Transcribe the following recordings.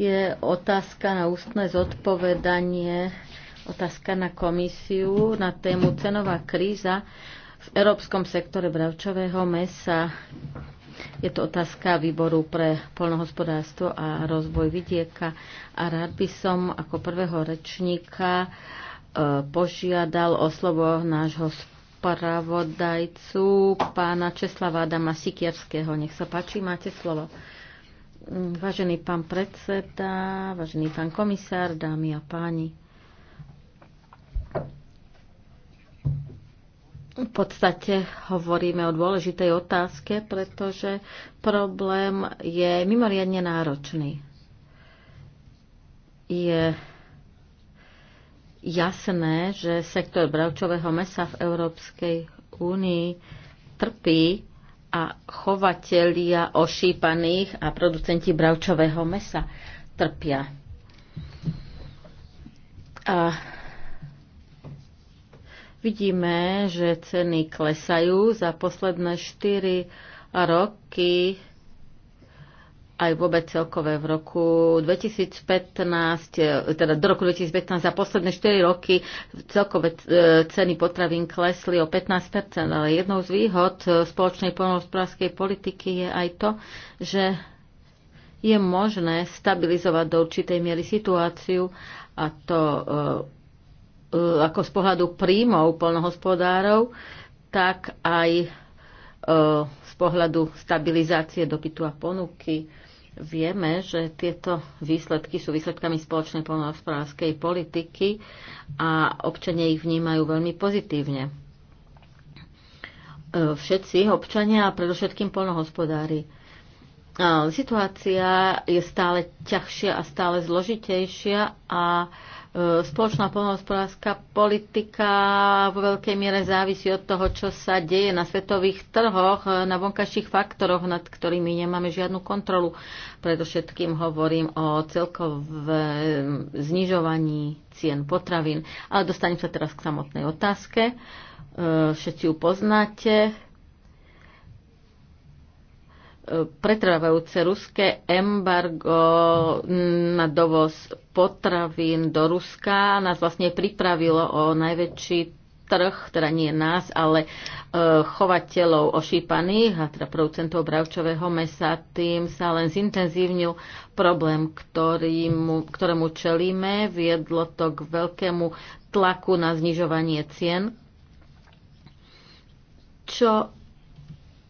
je otázka na ústne zodpovedanie, otázka na komisiu na tému cenová kríza v európskom sektore bravčového mesa. Je to otázka výboru pre polnohospodárstvo a rozvoj vidieka a rád by som ako prvého rečníka e, požiadal o slovo nášho spravodajcu pána Česlava Adama Sikierského. Nech sa páči, máte slovo. Vážený pán predseda, vážený pán komisár, dámy a páni. V podstate hovoríme o dôležitej otázke, pretože problém je mimoriadne náročný. Je jasné, že sektor bravčového mesa v Európskej únii trpí a chovatelia ošípaných a producenti bravčového mesa trpia. A vidíme, že ceny klesajú za posledné 4 roky aj vôbec celkové v roku 2015, e, teda do roku 2015 za posledné 4 roky celkové e, ceny potravín klesli o 15%, ale jednou z výhod e, spoločnej poľnohospodárskej politiky je aj to, že je možné stabilizovať do určitej miery situáciu a to ako z pohľadu príjmov poľnohospodárov, tak aj z pohľadu stabilizácie dopytu a ponuky Vieme, že tieto výsledky sú výsledkami spoločnej polnohospodárskej politiky a občania ich vnímajú veľmi pozitívne. E, všetci občania a predovšetkým polnohospodári. E, situácia je stále ťažšia a stále zložitejšia a E, spoločná poľnohospodárska politika vo veľkej miere závisí od toho, čo sa deje na svetových trhoch, e, na vonkajších faktoroch, nad ktorými nemáme žiadnu kontrolu. Predovšetkým hovorím o celkovom e, znižovaní cien potravín. Ale dostanem sa teraz k samotnej otázke. Všetci ju poznáte pretrvávajúce ruské embargo na dovoz potravín do Ruska nás vlastne pripravilo o najväčší trh, teda nie nás, ale e, chovateľov ošípaných a teda producentov bravčového mesa, tým sa len zintenzívnil problém, ktorým, ktorému čelíme. Viedlo to k veľkému tlaku na znižovanie cien, čo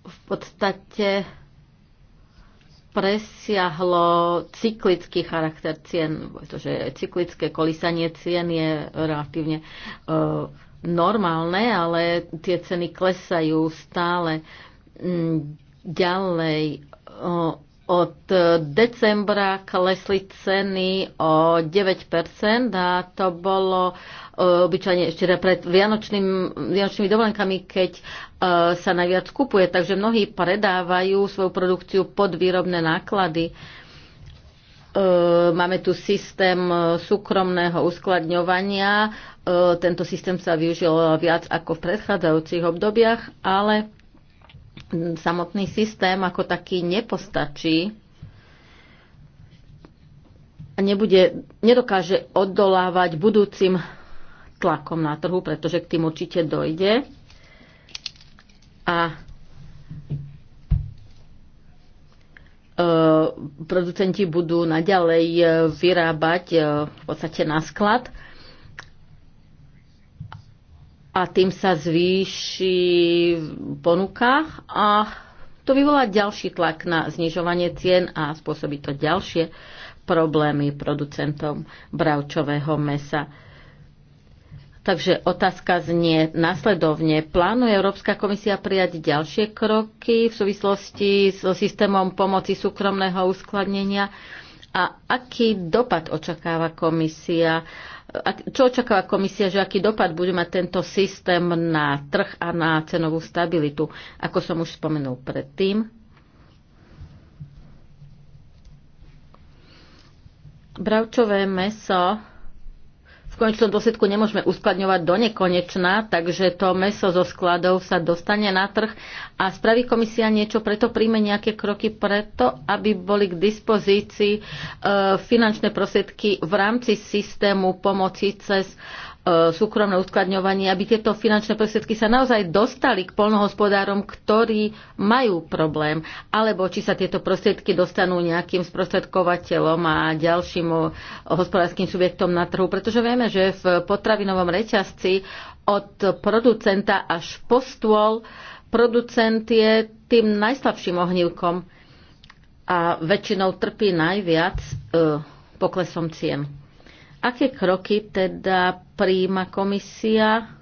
v podstate presiahlo cyklický charakter cien, pretože cyklické kolísanie cien je relatívne uh, normálne, ale tie ceny klesajú stále. Mm, ďalej, Uh, od decembra klesli ceny o 9% a to bolo e, obyčajne ešte pred vianočným, vianočnými dovolenkami, keď e, sa najviac kupuje. Takže mnohí predávajú svoju produkciu pod výrobné náklady. E, máme tu systém súkromného uskladňovania. Tento systém sa využil viac ako v predchádzajúcich obdobiach, ale samotný systém ako taký nepostačí a nebude, nedokáže odolávať budúcim tlakom na trhu, pretože k tým určite dojde. A e, producenti budú naďalej e, vyrábať e, v podstate na sklad a tým sa zvýši ponuka a to vyvolá ďalší tlak na znižovanie cien a spôsobí to ďalšie problémy producentom bravčového mesa. Takže otázka znie následovne. Plánuje Európska komisia prijať ďalšie kroky v súvislosti so systémom pomoci súkromného uskladnenia? a aký dopad očakáva komisia, čo očakáva komisia, že aký dopad bude mať tento systém na trh a na cenovú stabilitu, ako som už spomenul predtým. Bravčové meso konečnom dôsledku nemôžeme uskladňovať do nekonečna, takže to meso zo skladov sa dostane na trh a spraví komisia niečo preto, príjme nejaké kroky preto, aby boli k dispozícii e, finančné prostriedky v rámci systému pomoci cez E, súkromné uskladňovanie, aby tieto finančné prostriedky sa naozaj dostali k polnohospodárom, ktorí majú problém, alebo či sa tieto prostriedky dostanú nejakým sprostredkovateľom a ďalším e, hospodárským subjektom na trhu, pretože vieme, že v potravinovom reťazci od producenta až po stôl producent je tým najslabším ohnívkom a väčšinou trpí najviac e, poklesom cien. Aké kroky teda príjima komisia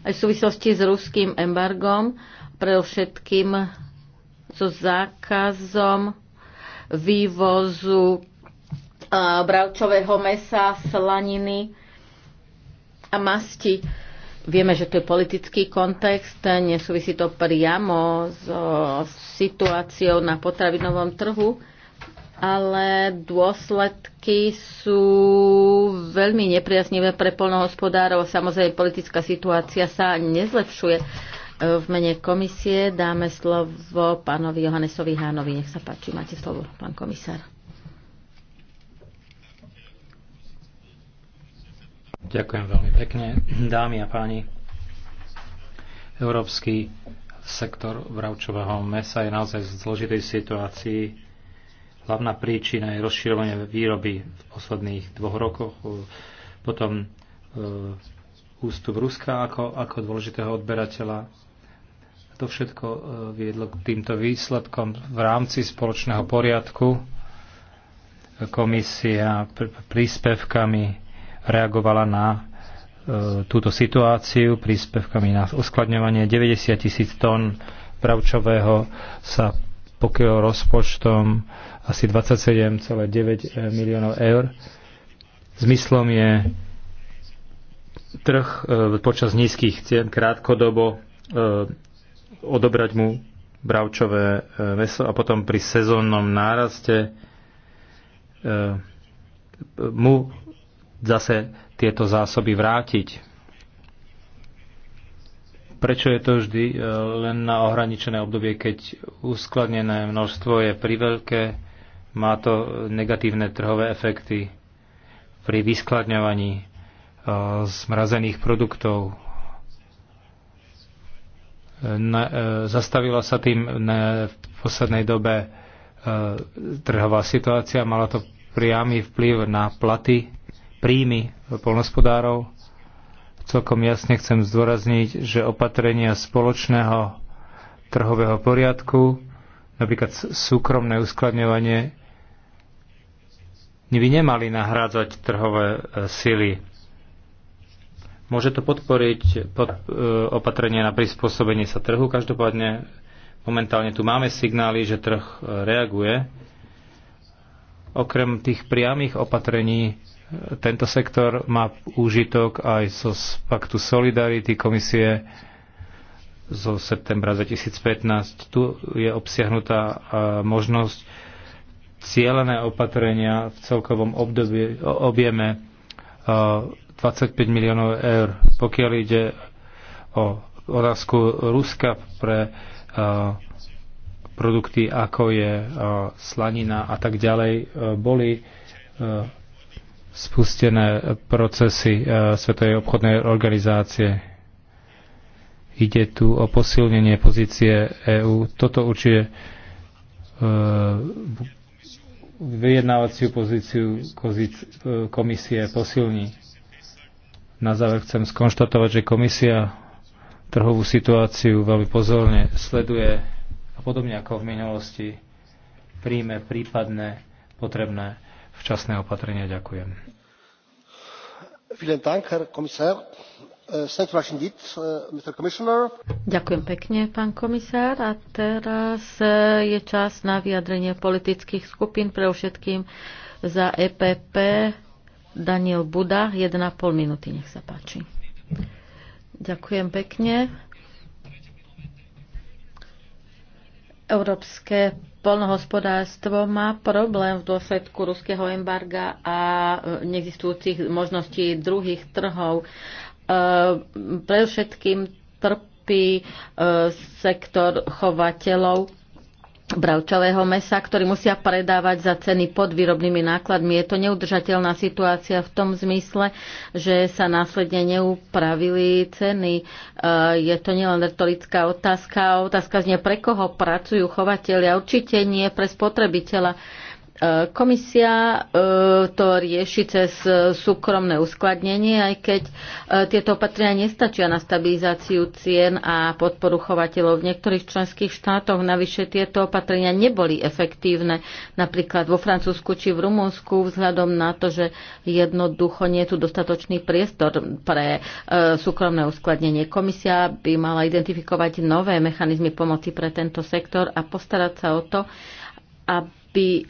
aj v súvislosti s ruským embargom, pre všetkým so zákazom vývozu bravčového mesa, slaniny a masti? Vieme, že to je politický kontext, nesúvisí to priamo s so situáciou na potravinovom trhu, ale dôsledky sú veľmi nepriaznivé pre polnohospodárov. Samozrejme, politická situácia sa nezlepšuje. V mene komisie dáme slovo pánovi Johannesovi Hánovi. Nech sa páči, máte slovo, pán komisár. Ďakujem veľmi pekne. Dámy a páni, európsky sektor vravčového mesa je naozaj v zložitej situácii Hlavná príčina je rozširovanie výroby v posledných dvoch rokoch, e, potom e, ústup Ruska ako, ako dôležitého odberateľa. To všetko e, viedlo k týmto výsledkom v rámci spoločného poriadku. Komisia pr- príspevkami reagovala na e, túto situáciu, príspevkami na uskladňovanie 90 tisíc tón pravčového sa pokiaľ rozpočtom asi 27,9 eh, miliónov eur. Zmyslom je trh eh, počas nízkych cien krátkodobo eh, odobrať mu bravčové meso a potom pri sezónnom náraste mu zase tieto zásoby vrátiť Prečo je to vždy e, len na ohraničené obdobie, keď uskladnené množstvo je priveľké, má to negatívne trhové efekty pri vyskladňovaní e, zmrazených produktov. E, zastavila sa tým v poslednej dobe trhová situácia, mala to priamy vplyv na platy, príjmy polnospodárov Celkom jasne chcem zdôrazniť, že opatrenia spoločného trhového poriadku, napríklad súkromné uskladňovanie, by nemali nahrádzať trhové e, sily. Môže to podporiť pod, e, opatrenie na prispôsobenie sa trhu. Každopádne momentálne tu máme signály, že trh e, reaguje. Okrem tých priamých opatrení tento sektor má úžitok aj zo paktu Solidarity komisie zo septembra 2015. Tu je obsiahnutá e, možnosť cieľené opatrenia v celkovom obdobie, objeme 25 e, miliónov eur. Pokiaľ ide o otázku Ruska pre e, produkty ako je slanina a tak ďalej, boli spustené procesy e, Svetovej obchodnej organizácie. Ide tu o posilnenie pozície EÚ. Toto určuje e, vyjednávaciu pozíciu e, komisie posilní. Na záver chcem skonštatovať, že komisia trhovú situáciu veľmi pozorne sleduje a podobne ako v minulosti príjme prípadné potrebné včasné opatrenia. Ďakujem. Äh, äh, Ďakujem pekne, pán komisár. A teraz äh, je čas na vyjadrenie politických skupín, pre všetkým za EPP Daniel Buda, 1,5 minúty, nech sa páči. Ďakujem pekne. Európske Polnohospodárstvo má problém v dôsledku ruského embarga a e, neexistujúcich možností druhých trhov. E, predovšetkým trpí e, sektor chovateľov bravčového mesa, ktorý musia predávať za ceny pod výrobnými nákladmi. Je to neudržateľná situácia v tom zmysle, že sa následne neupravili ceny. E, je to nielen retorická otázka, otázka znie, pre koho pracujú chovateľia, určite nie pre spotrebiteľa E, komisia e, to rieši cez e, súkromné uskladnenie, aj keď tieto opatrenia nestačia na stabilizáciu cien a podporu chovateľov. V niektorých členských štátoch navyše tieto opatrenia neboli efektívne, napríklad vo Francúzsku či v Rumunsku, vzhľadom na to, že jednoducho nie je tu dostatočný priestor pre súkromné uskladnenie. Komisia by mala identifikovať nové mechanizmy pomoci pre tento sektor a postarať sa o to, aby by e,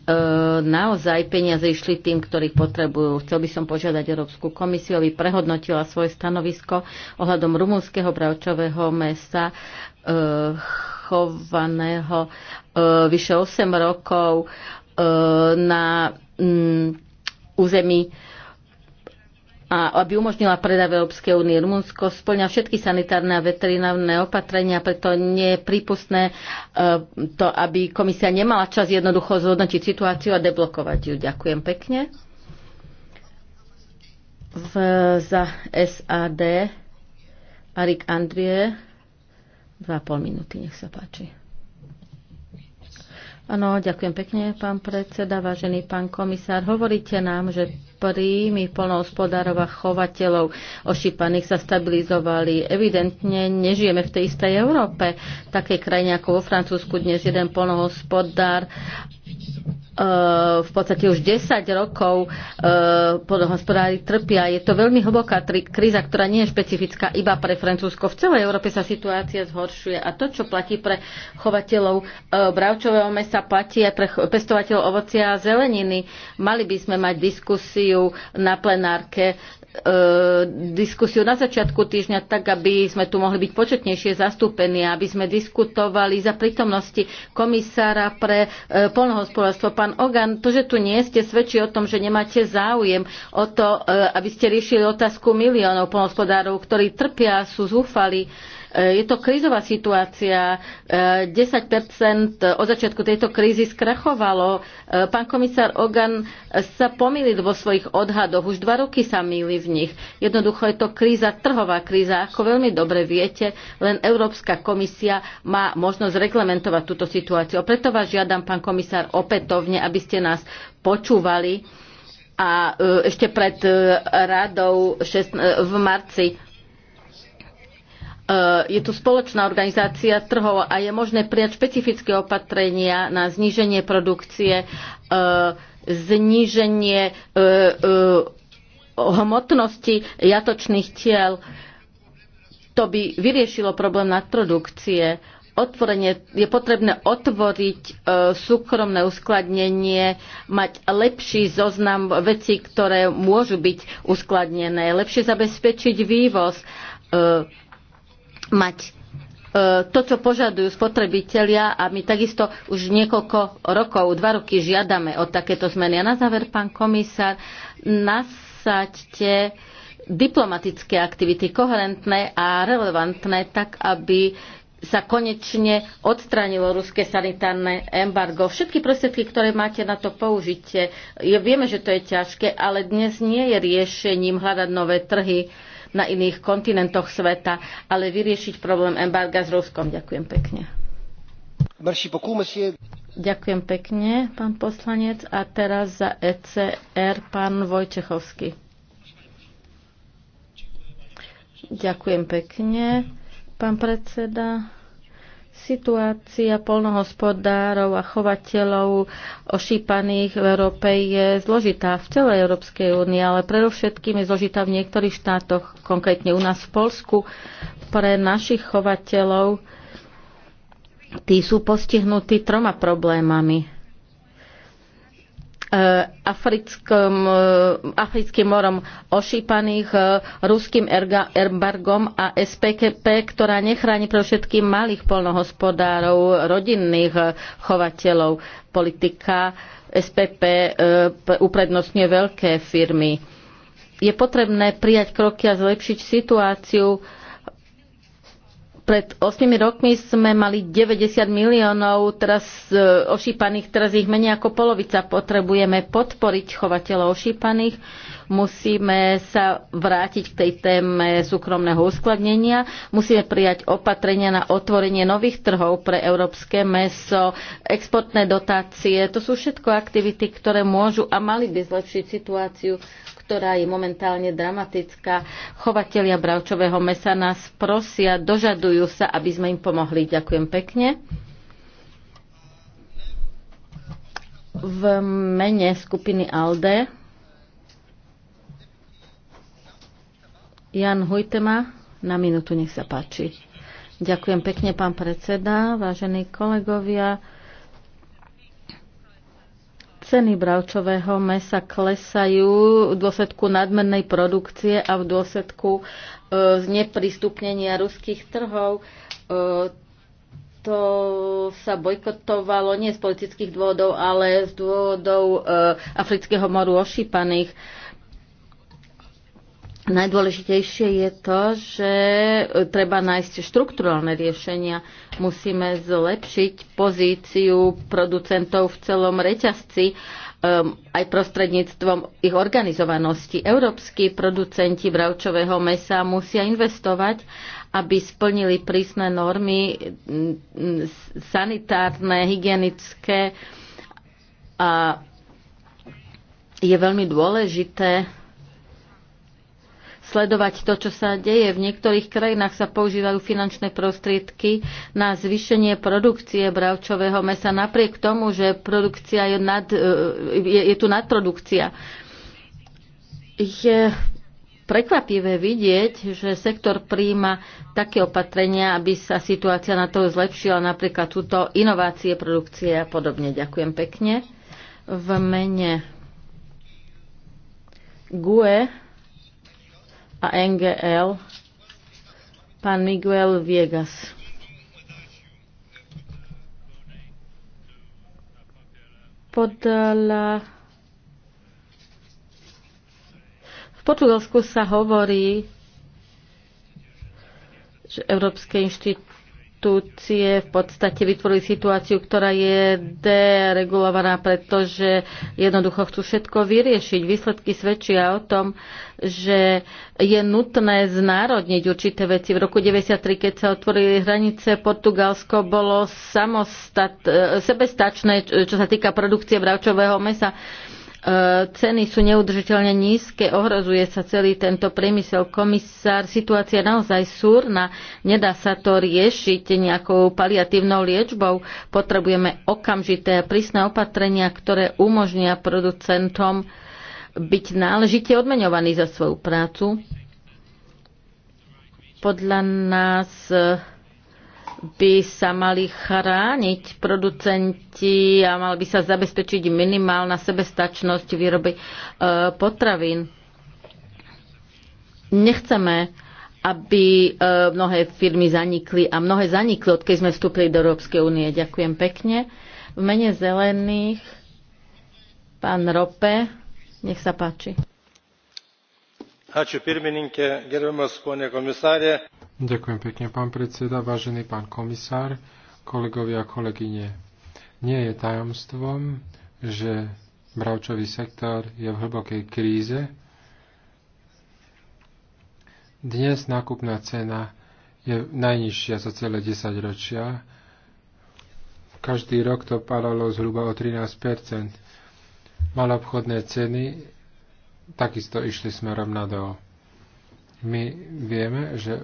naozaj peniaze išli tým, ktorých potrebujú. Chcel by som požiadať Európsku komisiu, aby prehodnotila svoje stanovisko ohľadom rumúnskeho bravčového mesa e, chovaného e, vyše 8 rokov e, na mm, území e, a aby umožnila predaj Európskej únie. Rumunsko splňa všetky sanitárne a veterinárne opatrenia, preto nie je prípustné e, to, aby komisia nemala čas jednoducho zhodnotiť situáciu a deblokovať ju. Ďakujem pekne. V, za SAD Arik Andrie. Dva pol minúty, nech sa páči. Áno, ďakujem pekne, pán predseda, vážený pán komisár. Hovoríte nám, že príjmy polnohospodárov a chovateľov ošípaných sa stabilizovali. Evidentne nežijeme v tej istej Európe, také krajine ako vo Francúzsku dnes jeden polnohospodár E, v podstate už 10 rokov e, podohospodári trpia. Je to veľmi hlboká tri kríza, ktorá nie je špecifická iba pre Francúzsko. V celej Európe sa situácia zhoršuje a to, čo platí pre chovateľov e, bravčového mesa, platí aj pre pestovateľov ovocia a zeleniny. Mali by sme mať diskusiu na plenárke E, diskusiu na začiatku týždňa tak, aby sme tu mohli byť početnejšie zastúpení, aby sme diskutovali za prítomnosti komisára pre e, polnohospodárstvo. Pán Ogan, to, že tu nie ste, svedčí o tom, že nemáte záujem o to, e, aby ste riešili otázku miliónov polnohospodárov, ktorí trpia, sú zúfali Eh, je to krízová situácia. 10 eh, od začiatku tejto krízy skrachovalo. Eh, pán komisár Ogan sa pomýlil vo svojich odhadoch. Už dva roky sa mýli v nich. Jednoducho je to kríza, trhová kríza. Ako veľmi dobre viete, len Európska komisia má možnosť reglementovať túto situáciu. Preto vás žiadam, pán komisár, opätovne, aby ste nás počúvali a ešte pred radou v marci Eh, je tu spoločná organizácia trhov a je možné prijať špecifické opatrenia na zníženie produkcie, eh, zníženie eh, hmotnosti jatočných tiel. To by vyriešilo problém nadprodukcie. Otvorenie, je potrebné otvoriť súkromné uskladnenie, mať lepší zoznam vecí, ktoré môžu byť uskladnené, lepšie zabezpečiť vývoz, mať e, to, čo požadujú spotrebitelia a my takisto už niekoľko rokov, dva roky žiadame o takéto zmeny. A na záver, pán komisár, nasaďte diplomatické aktivity koherentné a relevantné, tak aby sa konečne odstránilo ruské sanitárne embargo. Všetky prostriedky, ktoré máte na to použite, vieme, že to je ťažké, ale dnes nie je riešením hľadať nové trhy na iných kontinentoch sveta, ale vyriešiť problém embarga s Ruskom. Ďakujem pekne. Ďakujem pekne, pán poslanec. A teraz za ECR pán Vojčechovský. Ďakujem pekne, pán predseda. Situácia polnohospodárov a chovateľov ošípaných v Európe je zložitá v celej Európskej únii, ale predovšetkým je zložitá v niektorých štátoch, konkrétne u nás v Polsku. Pre našich chovateľov tí sú postihnutí troma problémami Eh, eh, africkým morom ošípaných eh, ruským embargom a SPKP, ktorá nechráni pre všetkým malých polnohospodárov, rodinných chovateľov. Politika SPP uprednostňuje veľké firmy. Je potrebné prijať kroky a zlepšiť situáciu pred 8 rokmi sme mali 90 miliónov teraz e, ošípaných, teraz ich menej ako polovica. Potrebujeme podporiť chovateľov ošípaných, musíme sa vrátiť k tej téme súkromného uskladnenia, musíme prijať opatrenia na otvorenie nových trhov pre európske meso, exportné dotácie. To sú všetko aktivity, ktoré môžu a mali by zlepšiť situáciu ktorá je momentálne dramatická. Chovatelia bravčového mesa nás prosia, dožadujú sa, aby sme im pomohli. Ďakujem pekne. V mene skupiny ALDE Jan Hujtema na minútu, nech sa páči. Ďakujem pekne, pán predseda, vážení kolegovia. Ceny bravčového mesa klesajú v dôsledku nadmernej produkcie a v dôsledku e, zneprístupnenia ruských trhov e, to sa bojkotovalo nie z politických dôvodov, ale z dôvodov e, afrického moru ošípaných. Najdôležitejšie je to, že e, treba nájsť štruktúralne riešenia. Musíme zlepšiť pozíciu producentov v celom reťazci um, aj prostredníctvom ich organizovanosti. Európsky producenti bravčového mesa musia investovať, aby splnili prísne normy sanitárne, hygienické a je veľmi dôležité sledovať to, čo sa deje. V niektorých krajinách sa používajú finančné prostriedky na zvýšenie produkcie bravčového mesa napriek tomu, že produkcia je, nad, e, je, je tu nadprodukcia. Je prekvapivé vidieť, že sektor príjma také opatrenia, aby sa situácia na to zlepšila, napríklad túto inovácie, produkcie a podobne. Ďakujem pekne. V mene GUE a NGL, pán Miguel Viegas. Podala... V Portugalsku sa hovorí, že európske inštitúcie inštitúcie v podstate vytvorili situáciu, ktorá je deregulovaná, pretože jednoducho chcú všetko vyriešiť. Výsledky svedčia o tom, že je nutné znárodniť určité veci. V roku 1993, keď sa otvorili hranice, Portugalsko bolo samostat, eh, sebestačné, čo sa týka produkcie bravčového mesa. E, ceny sú neudržiteľne nízke, ohrozuje sa celý tento priemysel. Komisár, situácia je naozaj súrna, nedá sa to riešiť nejakou paliatívnou liečbou. Potrebujeme okamžité a prísne opatrenia, ktoré umožnia producentom byť náležite odmeňovaní za svoju prácu. Podľa nás e, by sa mali chrániť producenti a mal by sa zabezpečiť minimálna sebestačnosť výroby e, potravín. Nechceme, aby e, mnohé firmy zanikli a mnohé zanikli, odkedy sme vstúpili do Európskej únie. Ďakujem pekne. V mene zelených pán Rope, nech sa páči. Ačiū pirmininkė, gerbiamas ponė komisarė. Ďakujem pekne, pán predseda, vážený pán komisár, kolegovia a kolegyne. Nie je tajomstvom, že bravčový sektor je v hlbokej kríze. Dnes nákupná cena je najnižšia za celé 10 ročia. Každý rok to padalo zhruba o 13 obchodné ceny takisto išli smerom nadol. My vieme, že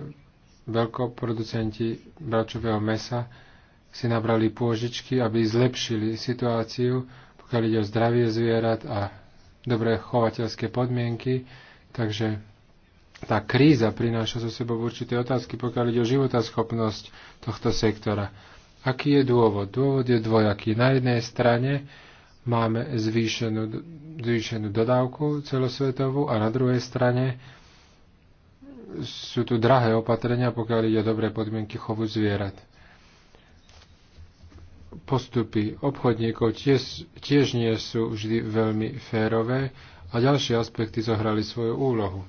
veľkoproducenti bravčového mesa si nabrali pôžičky, aby zlepšili situáciu, pokiaľ ide o zdravie zvierat a dobré chovateľské podmienky. Takže tá kríza prináša so sebou určité otázky, pokiaľ ide o životaschopnosť tohto sektora. Aký je dôvod? Dôvod je dvojaký. Na jednej strane máme zvýšenú, zvýšenú dodávku celosvetovú a na druhej strane sú tu drahé opatrenia, pokiaľ ide dobré podmienky chovu zvierat. Postupy obchodníkov tiež, tiež nie sú vždy veľmi férové a ďalšie aspekty zohrali svoju úlohu.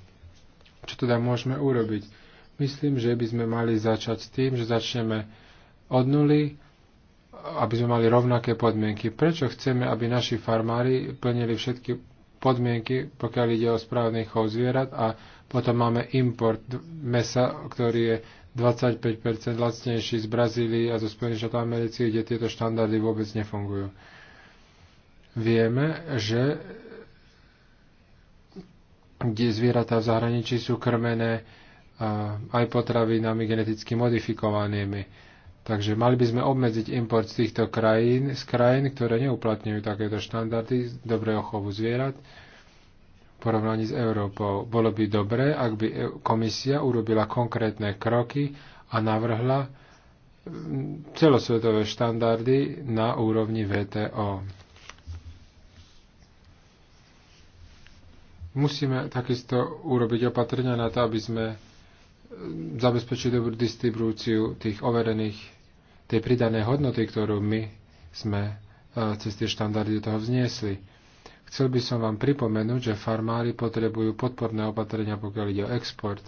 Čo teda môžeme urobiť? Myslím, že by sme mali začať s tým, že začneme od nuly, aby sme mali rovnaké podmienky. Prečo chceme, aby naši farmári plnili všetky podmienky, pokiaľ ide o správny chov zvierat a potom máme import mesa, ktorý je 25 lacnejší z Brazílie a zo Spojených štátov Americí, kde tieto štandardy vôbec nefungujú. Vieme, že kde zvieratá v zahraničí sú krmené aj potravinami geneticky modifikovanými. Takže mali by sme obmedziť import z týchto krajín, z krajín, ktoré neuplatňujú takéto štandardy dobrého chovu zvierat porovnaní s Európou. Bolo by dobré, ak by e- komisia urobila konkrétne kroky a navrhla mm, celosvetové štandardy na úrovni VTO. Musíme takisto urobiť opatrenia na to, aby sme mm, zabezpečili dobrú distribúciu tých overených, tej pridanej hodnoty, ktorú my sme e, cez tie štandardy do toho vzniesli Chcel by som vám pripomenúť, že farmári potrebujú podporné opatrenia, pokiaľ ide o export.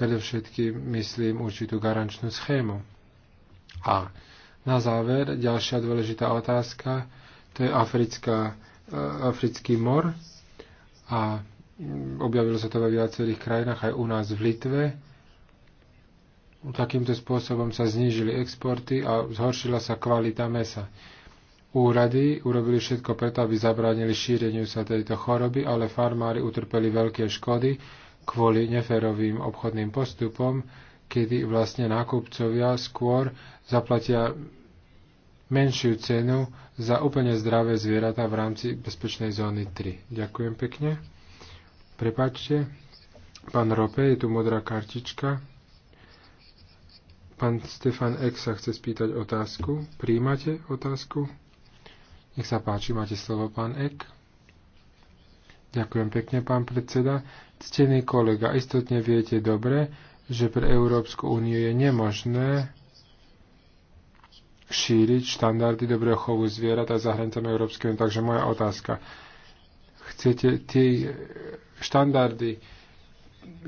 Predovšetkým myslím určitú garančnú schému. A na záver ďalšia dôležitá otázka, to je Africká, e, Africký mor a objavilo sa to vo viacerých krajinách, aj u nás v Litve. Takýmto spôsobom sa znížili exporty a zhoršila sa kvalita mesa. Úrady urobili všetko preto, aby zabránili šíreniu sa tejto choroby, ale farmári utrpeli veľké škody kvôli neférovým obchodným postupom, kedy vlastne nákupcovia skôr zaplatia menšiu cenu za úplne zdravé zvieratá v rámci bezpečnej zóny 3. Ďakujem pekne. Prepačte, pán Rope, je tu modrá kartička. Pán Stefan Ek sa chce spýtať otázku. Príjmate otázku? Nech sa páči, máte slovo, pán Ek. Ďakujem pekne, pán predseda. Ctený kolega, istotne viete dobre, že pre Európsku úniu je nemožné šíriť štandardy dobrého chovu zvierat a za hranicami Európskej únie. Takže moja otázka. Chcete tie štandardy,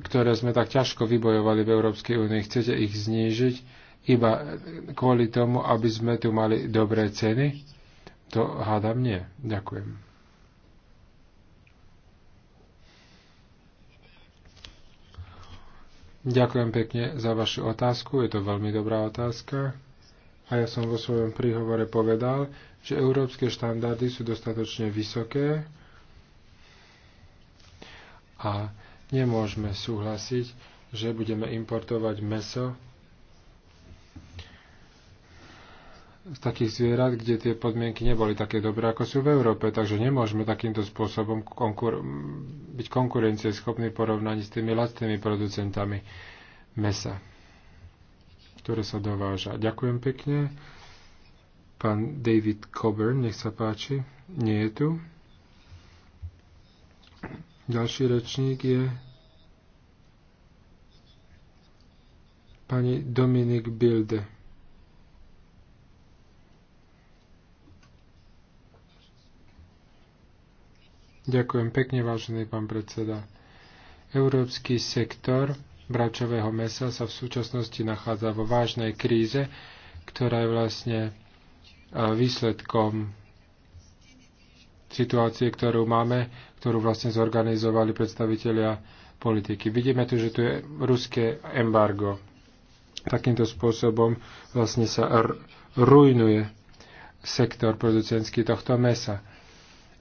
ktoré sme tak ťažko vybojovali v Európskej únii, chcete ich znížiť iba kvôli tomu, aby sme tu mali dobré ceny? To hádam nie. Ďakujem. Ďakujem pekne za vašu otázku. Je to veľmi dobrá otázka. A ja som vo svojom príhovore povedal, že európske štandardy sú dostatočne vysoké a nemôžeme súhlasiť, že budeme importovať meso z takých zvierat, kde tie podmienky neboli také dobré, ako sú v Európe. Takže nemôžeme takýmto spôsobom konkur- byť konkurencieschopní v porovnaní s tými lacnými producentami mesa, ktoré sa dováža. Ďakujem pekne. Pán David Coburn, nech sa páči. Nie je tu. Ďalší rečník je pani Dominik Bilde. Ďakujem pekne, vážený pán predseda. Európsky sektor bračového mesa sa v súčasnosti nachádza vo vážnej kríze, ktorá je vlastne e, výsledkom situácie, ktorú máme, ktorú vlastne zorganizovali predstavitelia politiky. Vidíme tu, že tu je ruské embargo. Takýmto spôsobom vlastne sa rujnuje sektor producentský tohto mesa.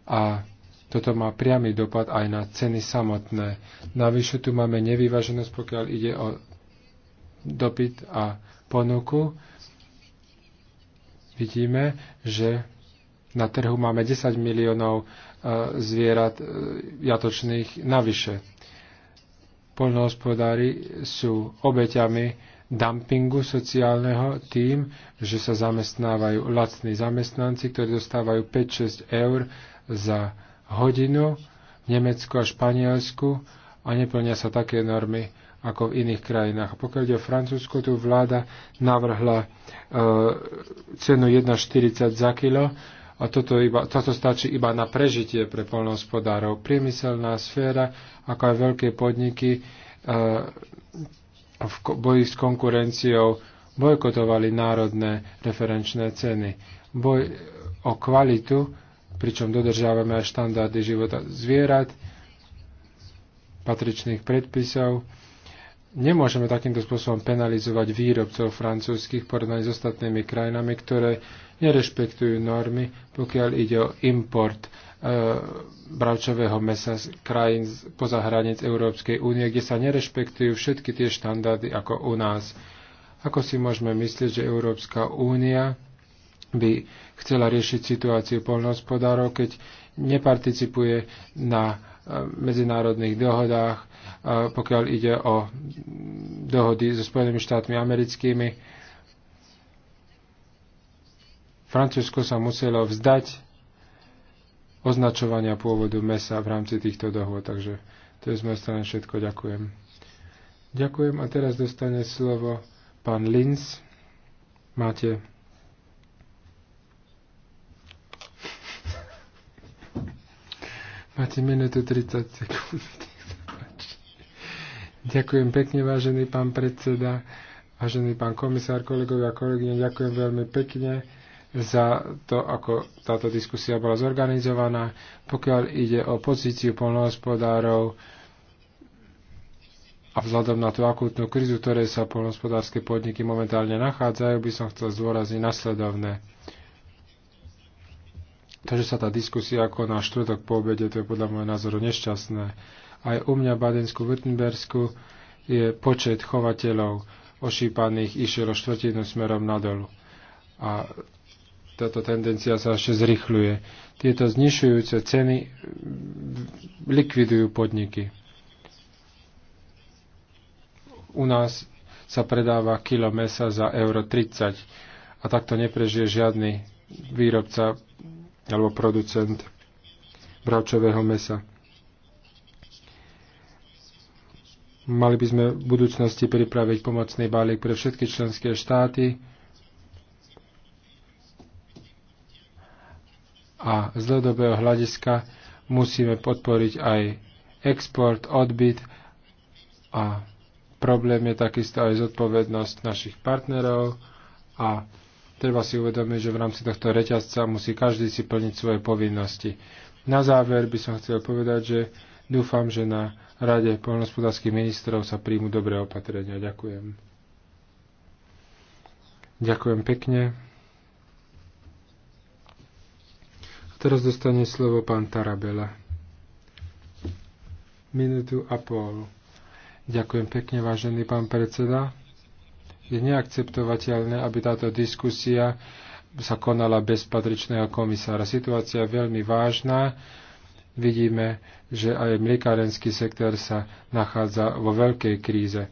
A toto má priamy dopad aj na ceny samotné. Navyše tu máme nevyváženosť, pokiaľ ide o dopyt a ponuku. Vidíme, že na trhu máme 10 miliónov e, zvierat e, jatočných navyše. Poľnohospodári sú obeťami dumpingu sociálneho tým, že sa zamestnávajú lacní zamestnanci, ktorí dostávajú 5-6 eur za hodinu v Nemecku a Španielsku a neplnia sa také normy ako v iných krajinách. Pokiaľ ide o Francúzsko, tu vláda navrhla e, cenu 1,40 za kilo a toto, iba, toto stačí iba na prežitie pre polnohospodárov. Priemyselná sféra, ako aj veľké podniky e, v boji s konkurenciou bojkotovali národné referenčné ceny. Boj o kvalitu pričom dodržiavame aj štandardy života zvierat, patričných predpisov. Nemôžeme takýmto spôsobom penalizovať výrobcov francúzskych porovnaní s ostatnými krajinami, ktoré nerešpektujú normy, pokiaľ ide o import e, bravčového mesa z krajín poza hranic Európskej únie, kde sa nerešpektujú všetky tie štandardy ako u nás. Ako si môžeme myslieť, že Európska únia by chcela riešiť situáciu polnohospodárov, keď neparticipuje na e, medzinárodných dohodách, e, pokiaľ ide o dohody so Spojenými štátmi americkými. Francúzsko sa muselo vzdať označovania pôvodu mesa v rámci týchto dohod, takže to je z mojej strany všetko. Ďakujem. Ďakujem a teraz dostane slovo pán Linz. Máte Máte minútu 30 sekúnd. Ďakujem pekne, vážený pán predseda, vážený pán komisár, kolegovia a kolegyne, ďakujem veľmi pekne za to, ako táto diskusia bola zorganizovaná. Pokiaľ ide o pozíciu polnohospodárov a vzhľadom na tú akútnu krizu, ktoré sa polnohospodárske podniky momentálne nachádzajú, by som chcel zdôrazniť nasledovné. To, že sa tá diskusia ako na štvrtok po obede, to je podľa môjho názoru nešťastné. Aj u mňa v Badensku-Württembersku je počet chovateľov ošípaných išiel o štvrtinu smerom nadolu. A táto tendencia sa ešte zrychľuje. Tieto znišujúce ceny likvidujú podniky. U nás sa predáva kilo mesa za euro 30 a takto neprežije žiadny výrobca alebo producent bravčového mesa. Mali by sme v budúcnosti pripraviť pomocný balík pre všetky členské štáty a z dlhodobého hľadiska musíme podporiť aj export, odbyt a problém je takisto aj zodpovednosť našich partnerov a Treba si uvedomiť, že v rámci tohto reťazca musí každý si plniť svoje povinnosti. Na záver by som chcel povedať, že dúfam, že na Rade poľnohospodárských ministrov sa príjmu dobré opatrenia. Ďakujem. Ďakujem pekne. A teraz dostane slovo pán Tarabela. Minútu a pol. Ďakujem pekne, vážený pán predseda. Je neakceptovateľné, aby táto diskusia sa konala bez patričného komisára. Situácia je veľmi vážna. Vidíme, že aj mlikárenský sektor sa nachádza vo veľkej kríze.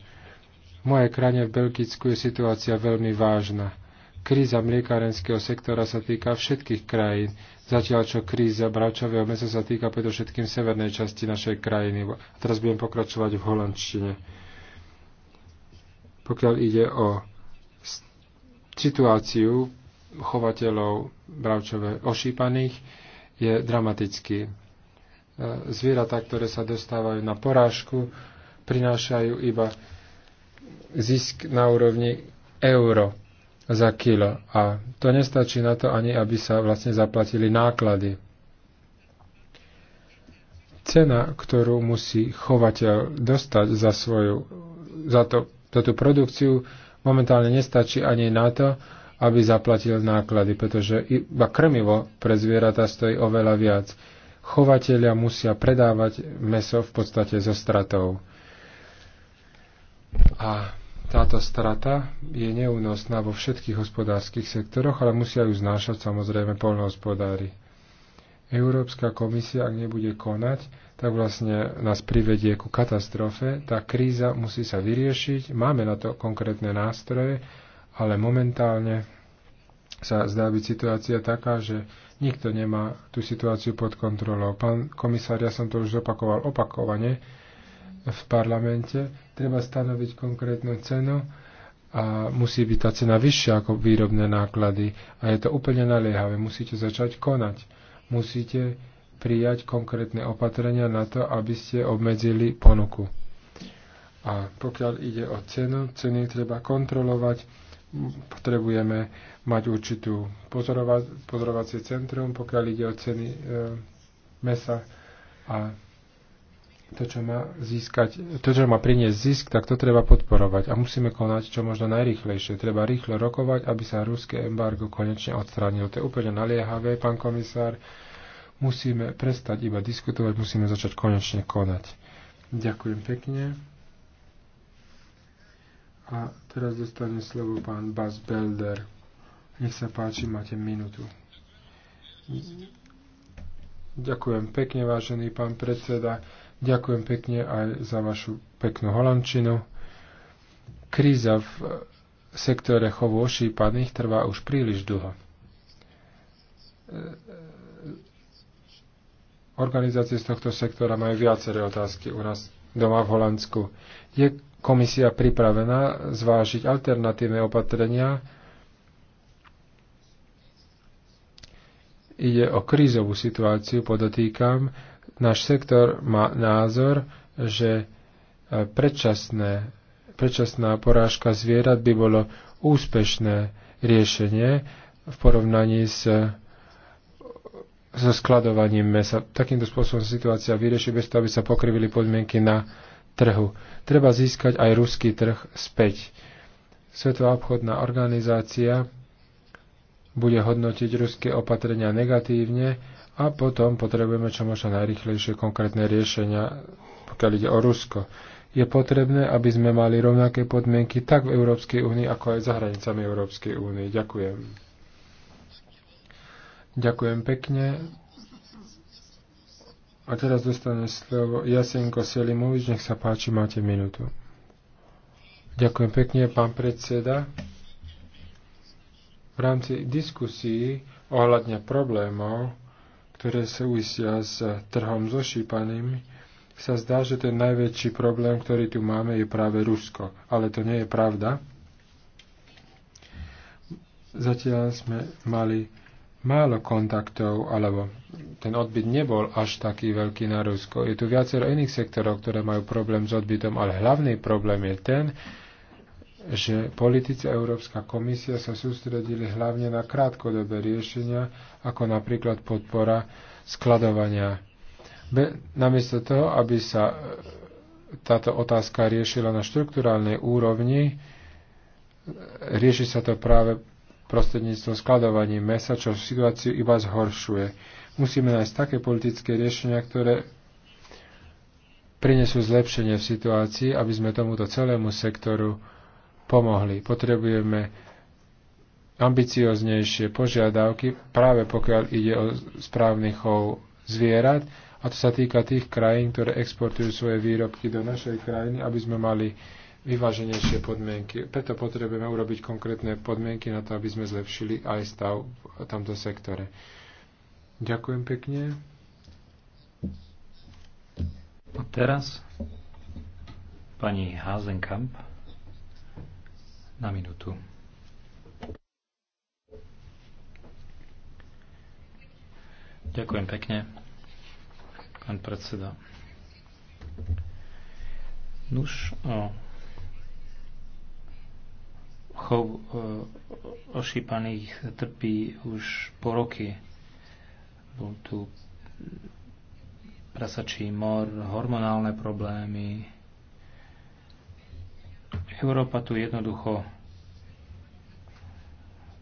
V mojej krajine v Belgicku je situácia veľmi vážna. Kríza mliekárenského sektora sa týka všetkých krajín, zatiaľ čo kríza bravčového mesa sa týka predovšetkým severnej časti našej krajiny. A teraz budem pokračovať v holandčine pokiaľ ide o situáciu chovateľov bravčové ošípaných, je dramatický. E, zvieratá, ktoré sa dostávajú na porážku, prinášajú iba zisk na úrovni euro za kilo. A to nestačí na to ani, aby sa vlastne zaplatili náklady. Cena, ktorú musí chovateľ dostať za, svoju, za to toto produkciu momentálne nestačí ani na to, aby zaplatil náklady, pretože iba krmivo pre zvieratá stojí oveľa viac. Chovatelia musia predávať meso v podstate so stratou. A táto strata je neúnosná vo všetkých hospodárskych sektoroch, ale musia ju znášať samozrejme polnohospodári. Európska komisia, ak nebude konať, tak vlastne nás privedie ku katastrofe. Tá kríza musí sa vyriešiť, máme na to konkrétne nástroje, ale momentálne sa zdá byť situácia taká, že nikto nemá tú situáciu pod kontrolou. Pán komisár, ja som to už zopakoval opakovane v parlamente. Treba stanoviť konkrétnu cenu a musí byť tá cena vyššia ako výrobné náklady. A je to úplne naliehavé. Musíte začať konať. Musíte prijať konkrétne opatrenia na to, aby ste obmedzili ponuku. A pokiaľ ide o cenu, ceny treba kontrolovať, potrebujeme mať určitú pozorova- pozorovacie centrum, pokiaľ ide o ceny e, mesa a to, čo má získať, to, čo má priniesť zisk, tak to treba podporovať a musíme konať čo možno najrychlejšie. Treba rýchlo rokovať, aby sa ruské embargo konečne odstránilo. To je úplne naliehavé, pán komisár. Musíme prestať iba diskutovať, musíme začať konečne konať. Ďakujem pekne. A teraz dostane slovo pán Bas Belder. Nech sa páči, máte minútu. Ďakujem pekne, vážený pán predseda. Ďakujem pekne aj za vašu peknú holandčinu. Kríza v sektore chovu ošípaných trvá už príliš dlho. Organizácie z tohto sektora majú viaceré otázky u nás doma v Holandsku. Je komisia pripravená zvážiť alternatívne opatrenia? Ide o krízovú situáciu, podotýkam. Náš sektor má názor, že e, predčasné, predčasná porážka zvierat by bolo úspešné riešenie v porovnaní s so skladovaním mesa. Takýmto spôsobom situácia vyrieši bez toho, aby sa pokrivili podmienky na trhu. Treba získať aj ruský trh späť. Svetová obchodná organizácia bude hodnotiť ruské opatrenia negatívne a potom potrebujeme čo možno najrychlejšie konkrétne riešenia, pokiaľ ide o Rusko. Je potrebné, aby sme mali rovnaké podmienky tak v Európskej únii, ako aj za hranicami Európskej únie. Ďakujem. Ďakujem pekne. A teraz dostane slovo Jasenko Selimovič. Nech sa páči, máte minútu. Ďakujem pekne, pán predseda. V rámci diskusí ohľadne problémov, ktoré súvisia s trhom so šípanými, sa zdá, že ten najväčší problém, ktorý tu máme, je práve Rusko. Ale to nie je pravda. Zatiaľ sme mali málo kontaktov, alebo ten odbyt nebol až taký veľký na Rusko. Je tu viacero iných sektorov, ktoré majú problém s odbytom, ale hlavný problém je ten, že politici Európska komisia sa sústredili hlavne na krátkodobé riešenia, ako napríklad podpora skladovania. Be, namiesto toho, aby sa e, táto otázka riešila na štruktúrálnej úrovni, e, rieši sa to práve prostredníctvom skladovaní mesa, čo situáciu iba zhoršuje. Musíme nájsť také politické riešenia, ktoré prinesú zlepšenie v situácii, aby sme tomuto celému sektoru pomohli. Potrebujeme ambicioznejšie požiadavky, práve pokiaľ ide o správny chov zvierat, a to sa týka tých krajín, ktoré exportujú svoje výrobky do našej krajiny, aby sme mali vyváženejšie podmienky. Preto potrebujeme urobiť konkrétne podmienky na to, aby sme zlepšili aj stav v tomto sektore. Ďakujem pekne. A teraz pani Hazenkamp na minútu. Ďakujem pekne, pán predseda. Nuž, o, chov e, ošípaných trpí už po roky. Bol tu prasačí mor, hormonálne problémy. Európa tu jednoducho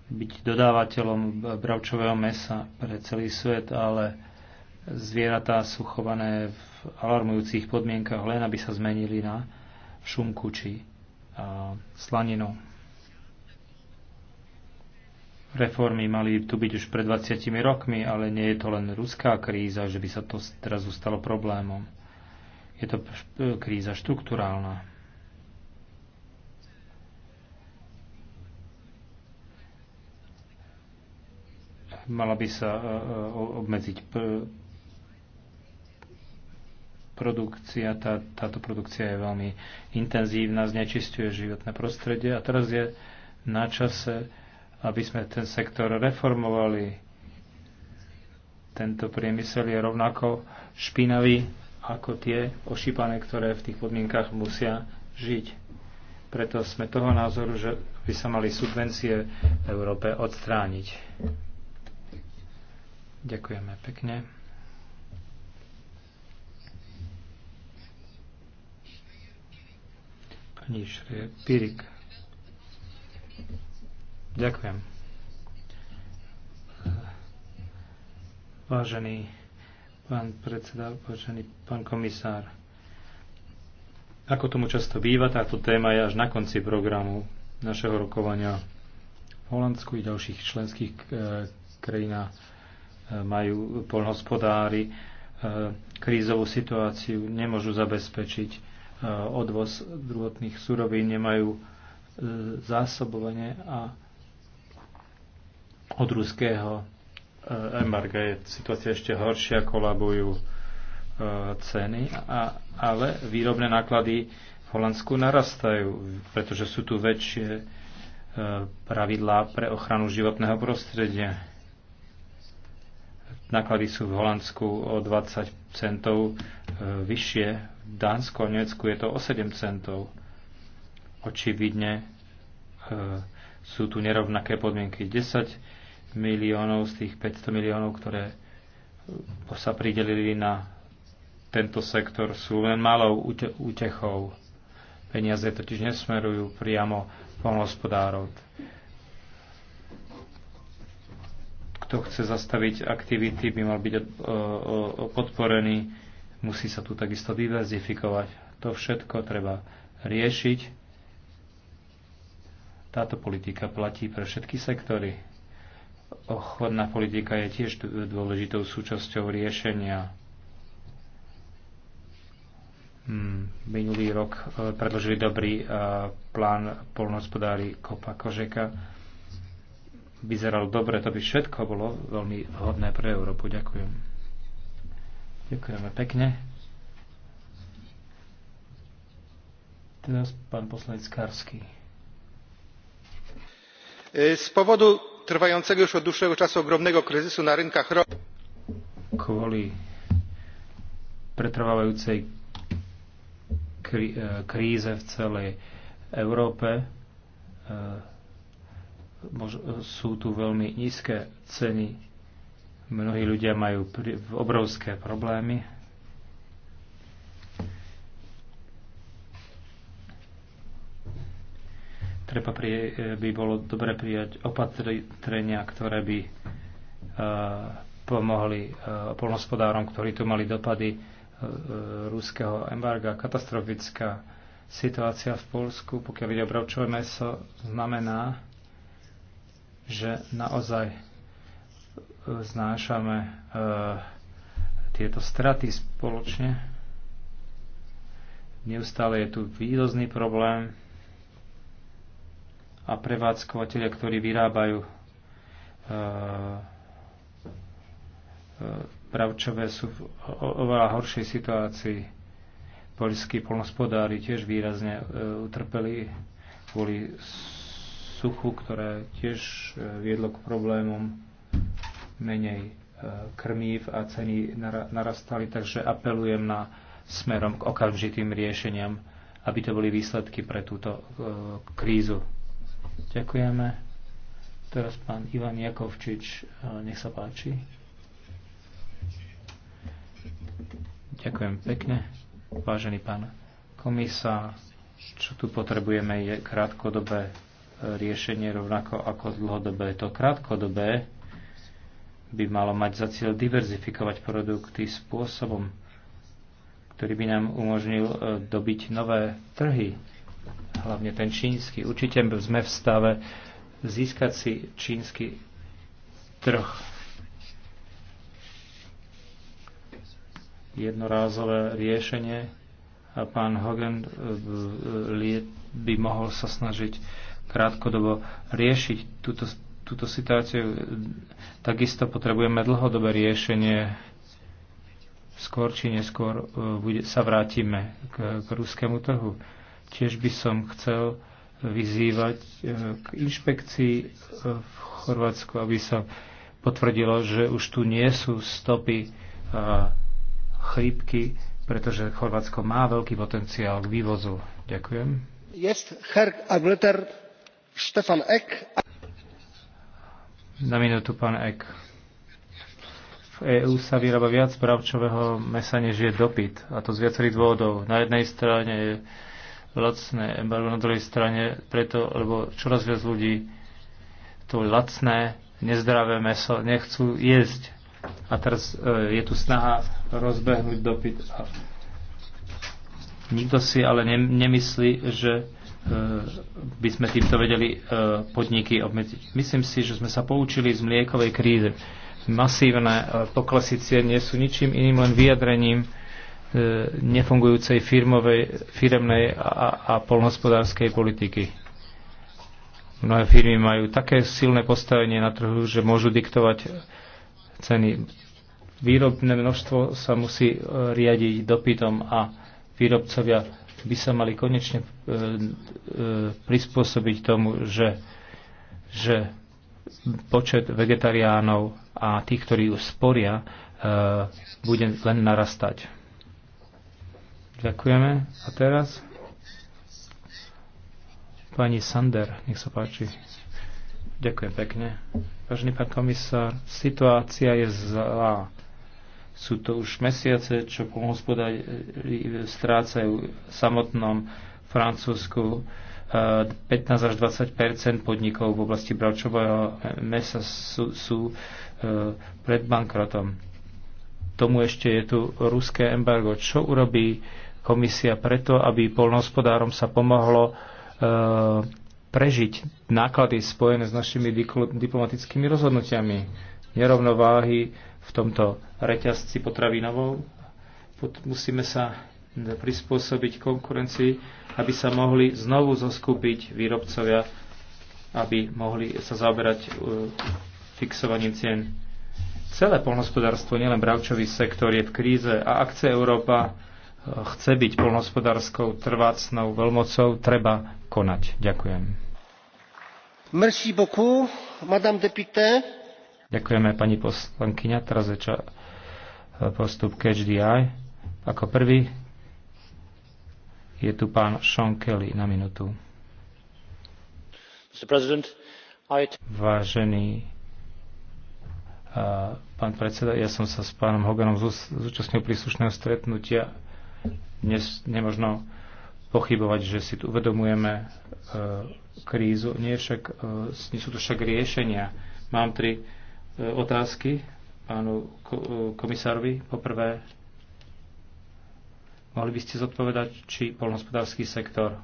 byť dodávateľom bravčového mesa pre celý svet, ale zvieratá sú chované v alarmujúcich podmienkach len aby sa zmenili na šumku či slaninu. Reformy mali tu byť už pred 20 rokmi, ale nie je to len ruská kríza, že by sa to teraz stalo problémom. Je to kríza štruktúrálna. Mala by sa e, e, obmedziť produkcia, tá, táto produkcia je veľmi intenzívna, znečistuje životné prostredie a teraz je na čase aby sme ten sektor reformovali. Tento priemysel je rovnako špinavý ako tie ošípané, ktoré v tých podmienkach musia žiť. Preto sme toho názoru, že by sa mali subvencie v Európe odstrániť. Ďakujeme pekne. Pani Šre Pirik. Ďakujem. Vážený pán predseda, vážený pán komisár, ako tomu často býva, táto téma je až na konci programu našeho rokovania v Holandsku i ďalších členských e, krajinách e, majú polnohospodári e, krízovú situáciu, nemôžu zabezpečiť odvoz druhotných surovín, nemajú zásobovanie a od ruského eh, embarga je situácia ešte horšia, kolabujú eh, ceny, a, ale výrobné náklady v Holandsku narastajú, pretože sú tu väčšie eh, pravidlá pre ochranu životného prostredia. Náklady sú v Holandsku o 20 centov vyššie, v Dánsku a Nemecku je to o 7 centov. Očividne sú tu nerovnaké podmienky. 10 miliónov z tých 500 miliónov, ktoré sa pridelili na tento sektor, sú len malou útechou. Peniaze totiž nesmerujú priamo polnospodárov. Kto chce zastaviť aktivity, by mal byť e, e, podporený. Musí sa tu takisto diverzifikovať. To všetko treba riešiť. Táto politika platí pre všetky sektory. Ochodná politika je tiež dôležitou súčasťou riešenia. Hmm, minulý rok e, predložili dobrý e, plán polnohospodári Kopa Kožeka. Vyzeralo dobre, to by všetko bolo veľmi vhodné pre Európu. Ďakujem. Ďakujeme pekne. Teraz pán poslanec Karský. E, z powodu trwającego już od dłuższego czasu ogromnego kryzysu na rynkach ropy kvôli pretrvávajúcej e, kríze v celej Európe e, e, sú tu veľmi nízke ceny. Mnohí ľudia majú obrovské problémy Treba prie, by bolo dobre prijať opatrenia, ktoré by uh, pomohli uh, polnospodárom, ktorí tu mali dopady uh, ruského embarga. Katastrofická situácia v Polsku, pokiaľ ide o bravčové meso, znamená, že naozaj znášame uh, tieto straty spoločne. Neustále je tu výrozný problém a prevádzkovateľia, ktorí vyrábajú bravčové, eh, eh, sú v oveľa horšej situácii. Polskí polnospodári tiež výrazne eh, utrpeli kvôli suchu, ktoré tiež viedlo k problémom menej krmív a ceny narastali, takže apelujem na smerom k okamžitým riešeniam, aby to boli výsledky pre túto krízu. Ďakujeme. Teraz pán Ivan Jakovčič, e, nech sa páči. Ďakujem pekne. Vážený pán komisa, čo tu potrebujeme je krátkodobé e, riešenie rovnako ako dlhodobé. To krátkodobé by malo mať za cieľ diverzifikovať produkty spôsobom, ktorý by nám umožnil e, dobiť nové trhy hlavne ten čínsky. Určite sme v stave získať si čínsky trh. Jednorázové riešenie a pán Hogan eh, eh, by mohol sa snažiť krátkodobo riešiť túto, túto situáciu. Takisto potrebujeme dlhodobé riešenie. Skôr či neskôr eh, bude, sa vrátime k, k ruskému trhu Tiež by som chcel vyzývať e, k inšpekcii e, v Chorvátsku, aby sa potvrdilo, že už tu nie sú stopy chrípky, pretože Chorvátsko má veľký potenciál k vývozu. Ďakujem. Na minútu, pán Ek. V EÚ sa vyrába viac bravčového mesa, než je dopyt. A to z viacerých dôvodov. Na jednej strane je lacné embargo na druhej strane, preto, lebo čoraz viac ľudí to lacné, nezdravé meso nechcú jesť. A teraz e, je tu snaha rozbehnúť dopyt. A nikto si ale ne, nemyslí, že e, by sme týmto vedeli e, podniky obmedziť. Myslím si, že sme sa poučili z mliekovej krízy. Masívne e, poklesy cien nie sú ničím iným, len vyjadrením E, nefungujúcej firmovej, firemnej a, a polnohospodárskej politiky. Mnohé firmy majú také silné postavenie na trhu, že môžu diktovať ceny. Výrobné množstvo sa musí e, riadiť dopytom a výrobcovia by sa mali konečne e, e, prispôsobiť tomu, že, že počet vegetariánov a tých, ktorí už sporia, e, bude len narastať. Ďakujeme. A teraz pani Sander, nech sa páči. Ďakujem pekne. Vážený pán komisár, situácia je zlá. Sú to už mesiace, čo pomohospodári strácajú v samotnom Francúzsku 15 eh, až 20 podnikov v oblasti bravčového mesa sú, sú eh, pred bankrotom. Tomu ešte je tu ruské embargo. Čo urobí komisia preto, aby polnohospodárom sa pomohlo e, prežiť náklady spojené s našimi diplomatickými rozhodnutiami, nerovnováhy v tomto reťazci potravinovou. Musíme sa prispôsobiť konkurencii, aby sa mohli znovu zoskupiť výrobcovia, aby mohli sa zaoberať e, fixovaním cien. Celé polnospodárstvo, nielen bravčový sektor, je v kríze a akce Európa chce byť polnospodárskou trvácnou veľmocou, treba konať. Ďakujem. Merci beaucoup, madame députée. Ďakujeme pani poslankyňa. Teraz je ča, postup KHDI. Ako prvý je tu pán Sean Kelly na minútu. Vážený pán predseda, ja som sa s pánom Hoganom zúčastnil príslušného stretnutia dnes nemožno pochybovať, že si tu uvedomujeme e, krízu. Nie, však, e, nie sú to však riešenia. Mám tri e, otázky pánu komisárovi. Poprvé, mohli by ste zodpovedať, či polnohospodársky sektor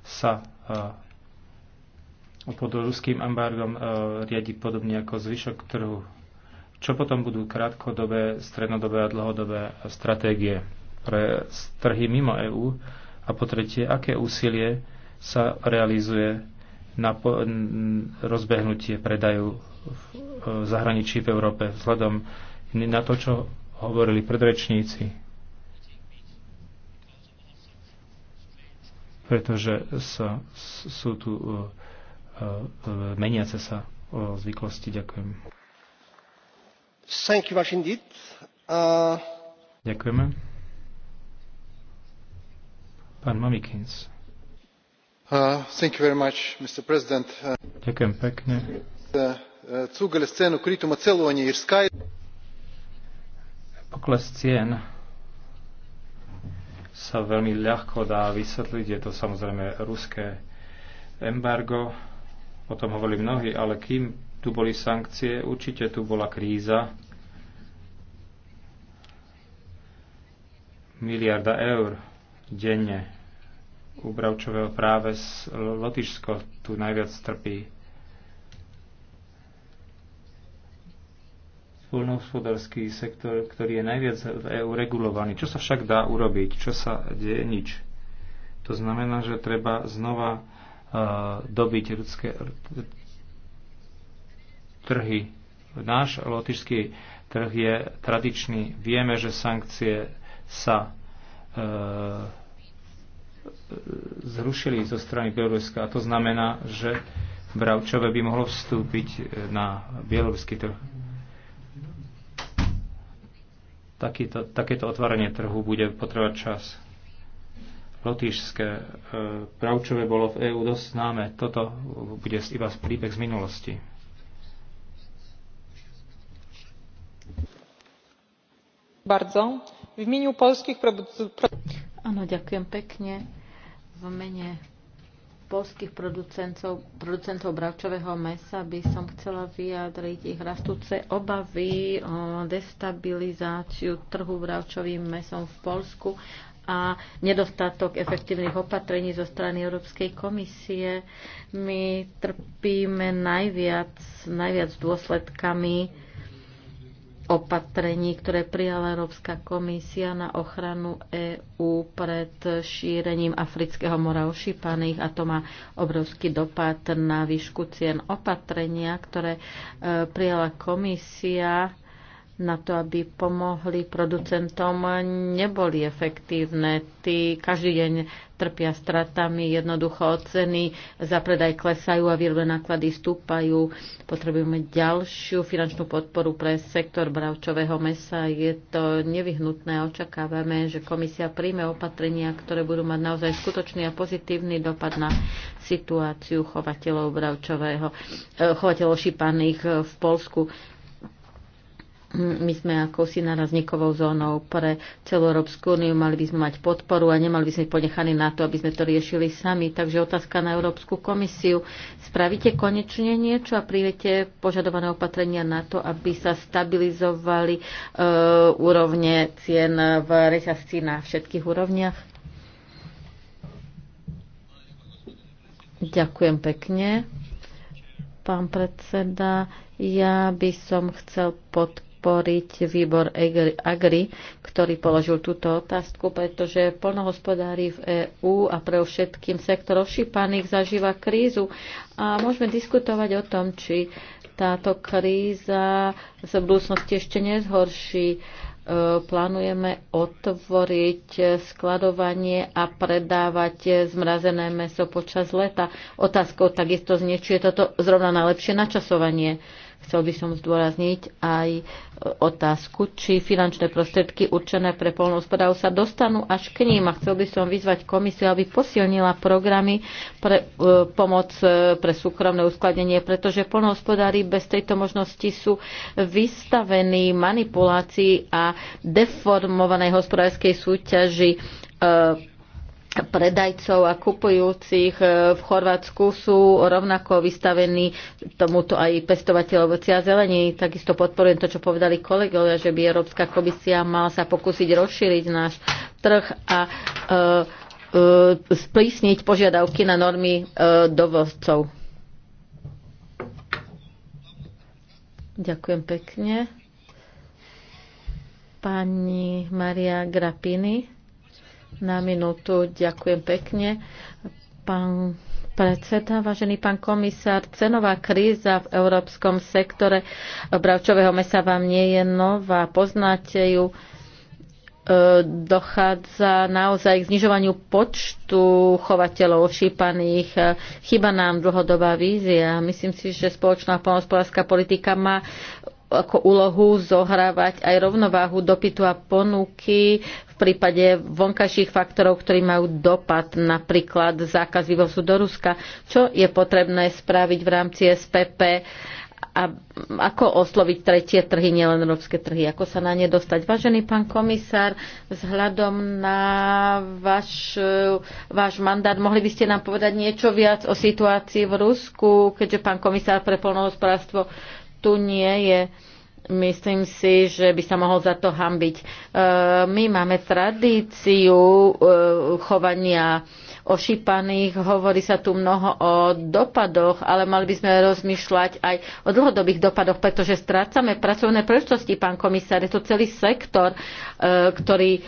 sa pod ruským embargom riadi podobne ako zvyšok trhu. Čo potom budú krátkodobé, strednodobé a dlhodobé stratégie pre trhy mimo EÚ? A po tretie, aké úsilie sa realizuje na rozbehnutie predaju v e, zahraničí v Európe vzhľadom na to, čo hovorili predrečníci? Pretože sa, sú tu e, e, meniace sa zvyklosti. Ďakujem. Ďakujeme. Pán Mamikins. Uh, much, uh... Ďakujem pekne. Pokles cien sa veľmi ľahko dá vysvetliť. Je to samozrejme ruské embargo. O tom hovorili mnohí, ale kým tu boli sankcie, určite tu bola kríza miliarda eur denne bravčového práve z Lotyšsko tu najviac trpí. Spolnohospodársky sektor, ktorý je najviac v EU regulovaný. Čo sa však dá urobiť? Čo sa deje? Nič. To znamená, že treba znova uh, dobiť ľudské trhy. Náš lotišský trh je tradičný. Vieme, že sankcie sa e, zrušili zo strany Bieloruska. A to znamená, že bravčové by mohlo vstúpiť na bieloruský trh. Takýto, takéto otváranie trhu bude potrebovať čas. Lotyšské e, bravčové bolo v EÚ dosť známe. Toto bude iba príbeh z minulosti. Bardzo v Áno, ďakujem pekne. V mene polských producentov, producentov bravčového mesa by som chcela vyjadriť ich rastúce obavy o destabilizáciu trhu bravčovým mesom v Polsku a nedostatok efektívnych opatrení zo strany Európskej komisie. My trpíme najviac, najviac dôsledkami opatrení, ktoré prijala Európska komisia na ochranu EÚ pred šírením afrického mora ošípaných a to má obrovský dopad na výšku cien opatrenia, ktoré e, prijala komisia na to, aby pomohli producentom, neboli efektívne. Tí každý deň trpia stratami, jednoducho ceny za predaj klesajú a výrobné náklady stúpajú. Potrebujeme ďalšiu finančnú podporu pre sektor bravčového mesa. Je to nevyhnutné a očakávame, že komisia príjme opatrenia, ktoré budú mať naozaj skutočný a pozitívny dopad na situáciu chovateľov bravčového, eh, chovateľov šipaných v Polsku my sme ako si narazníkovou zónou pre celú Európsku úniu, mali by sme mať podporu a nemali by sme ponechaní na to, aby sme to riešili sami. Takže otázka na Európsku komisiu. Spravíte konečne niečo a príjmete požadované opatrenia na to, aby sa stabilizovali e, úrovne cien v reťazci na všetkých úrovniach? Ďakujem pekne, pán predseda. Ja by som chcel podporiť podporiť výbor Agri, ktorý položil túto otázku, pretože plnohospodári v EÚ a pre všetkým sektorov šípaných zažíva krízu a môžeme diskutovať o tom, či táto kríza sa v budúcnosti ešte nezhorší e, plánujeme otvoriť skladovanie a predávať zmrazené meso počas leta. Otázkou takisto znie, či je toto zrovna najlepšie načasovanie. Chcel by som zdôrazniť aj e, otázku, či finančné prostriedky určené pre polnohospodárov sa dostanú až k ním. A chcel by som vyzvať komisiu, aby posilnila programy pre e, pomoc e, pre súkromné uskladenie, pretože polnohospodári bez tejto možnosti sú vystavení manipulácii a deformovanej hospodárskej súťaži predajcov a kupujúcich e, v Chorvátsku sú rovnako vystavení tomuto aj pestovateľ ovocia a zelení. Takisto podporujem to, čo povedali kolegovia, že by Európska komisia mala sa pokúsiť rozšíriť náš trh a e, e, sprísniť požiadavky na normy e, dovozcov. Ďakujem pekne. Pani Maria Grapini na minútu. Ďakujem pekne. Pán predseda, vážený pán komisár, cenová kríza v európskom sektore bravčového mesa vám nie je nová, poznáte ju e, dochádza naozaj k znižovaniu počtu chovateľov šípaných. Chyba nám dlhodobá vízia. Myslím si, že spoločná polnospodárska politika má ako úlohu zohrávať aj rovnováhu dopytu a ponuky v prípade vonkajších faktorov, ktorí majú dopad, napríklad zákaz vývozu do Ruska. Čo je potrebné spraviť v rámci SPP a ako osloviť tretie trhy, nielen európske trhy, ako sa na ne dostať. Vážený pán komisár, vzhľadom na váš, váš mandát, mohli by ste nám povedať niečo viac o situácii v Rusku, keďže pán komisár pre polnohospodárstvo tu nie je. Myslím si, že by sa mohol za to hambiť. E, my máme tradíciu e, chovania ošípaných, hovorí sa tu mnoho o dopadoch, ale mali by sme rozmýšľať aj o dlhodobých dopadoch, pretože strácame pracovné príležitosti, pán komisár, je to celý sektor, e, ktorý